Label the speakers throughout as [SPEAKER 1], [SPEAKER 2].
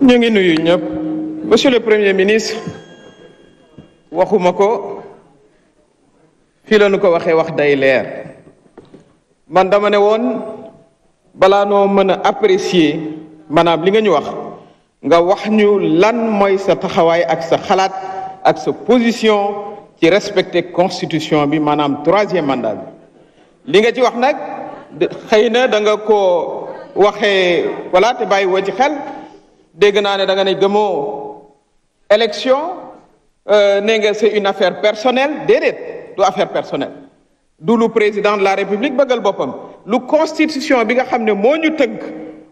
[SPEAKER 1] ñu ngi nuyu ñëpp monsieur le premier ministre waxuma ko fii la nu ko waxee wax day leer man dama ne woon balaa noo mën a apprécier maanaam li nga ñu wax nga wax ñu lan mooy sa taxawaay ak sa xalaat ak sa position ci respecter constitution bi maanaam troisième mandat bi li nga ci wax nag xëy na danga nga koo waxee voilà te bàyyi woo ci xel dégg naa ne da nga ne gëmoo élection euh, nee nga c'est une affaire personnelle déedéet du affaire personnelle du lu président de la république bëggal boppam lu constitution bi nga xam ne moo ñu tëgg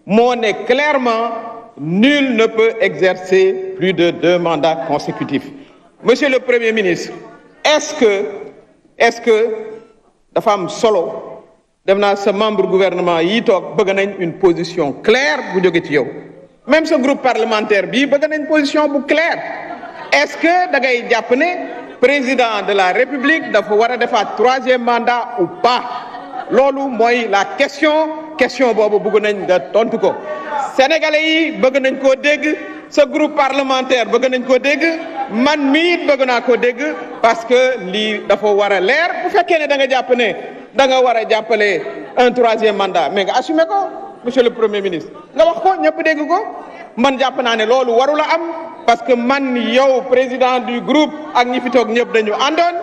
[SPEAKER 1] moo ne clairement nul ne peut exercer plus de deux mandats consécutifs monsieur le premier ministre est-ce que est-ce que dafa am solo dem naa sa membre gouvernement yi toog bëgg nañ une position claire bu jóge ci yow même sa groupe parlementaire bii bëgg nañ position bu claire est-ce que da ngay jàpp ne président de la république dafa war a defaat troisième mandat ou pas loolu mooy la question question boobu bëgg nañ nga tontu ko sénégalais yi bëgg nañ koo dégg sa groupe parlementaire bëgg nañ ko dégg man miit bëgg naa ko dégg parce que lii dafa war a leer bu fekkee ne da nga jàpp ne da nga war a jàppale un troisième mandat mais nga assumé ko monsieur le premier ministre nga wax ko ñëpp dégg ko man jàpp naa ne loolu warula am parce que man yow président du groupe ak ñi fi toog ñëpp dañu àndoon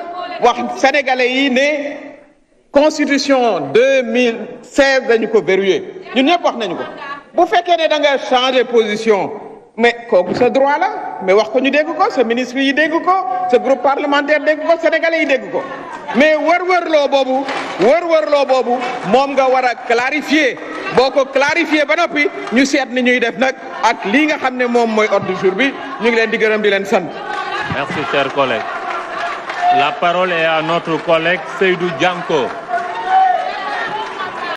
[SPEAKER 1] wax sénégalais yi ne constitution 2016 dañu ko verrouillé ñun ñëpp wax nañu ko bu fekkee ne da nga changer position mais kooku sa droit la mais wax ko ñu dégg ko sa ministre yi dégg ko sa groupe parlementaire dégg ko sénégalais yi dégg ko mais wër-wërloo boobu wër-wërloo boobu moom nga war a clarifier. boo ko clarifié ba noppi ñu seet ni ñuy def nag ak lii nga xam ne moom mooy ordre jour bi ñu ngi leen di gërëm di leen sant. merci chers collègues. La parole est à notre collègue Seydou Dianko.